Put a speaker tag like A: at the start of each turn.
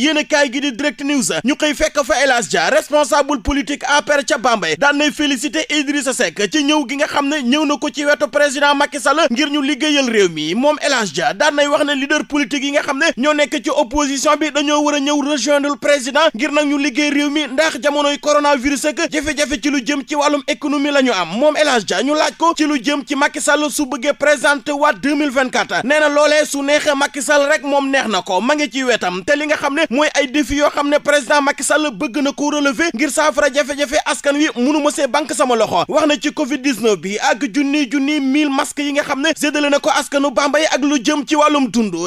A: yéen kaay gi di direct news ñu koy fekk fa El Hadj Dia responsable politique APR ca Bambey daan nay félicité Idrissa Seck ci ñëw gi nga xam ne ñëw na ko ci wetu président Macky Sall ngir ñu liggéeyal réew mi moom El Hadj Dia wax ne leader politique yi nga xam ne ñoo nekk ci opposition bi dañoo war a ñëw rejoindre président ngir nag ñu liggéey réew mi ndax jamonoy coronavirus ak jafe-jafe ci lu jëm ci wàllum économie la ñu am moom El Hadj ñu laaj ko ci lu jëm ci Macky Sall su bëggee présenté waat 2024 nee na loolee su neexee Macky Sall rek moom neex na ko ma ci wetam te li nga xam ne mooy ay défi yoo xam ne président Macky Sall bëgg na ko relever ngir saafara jafe-jafe askan wi mënuma ma see banque sama loxo wax na ci Covid 19 bi ak junni junni mille masques yi nga xam ne séddale na ko askanu Bambey ak lu jëm ci wàllum dund.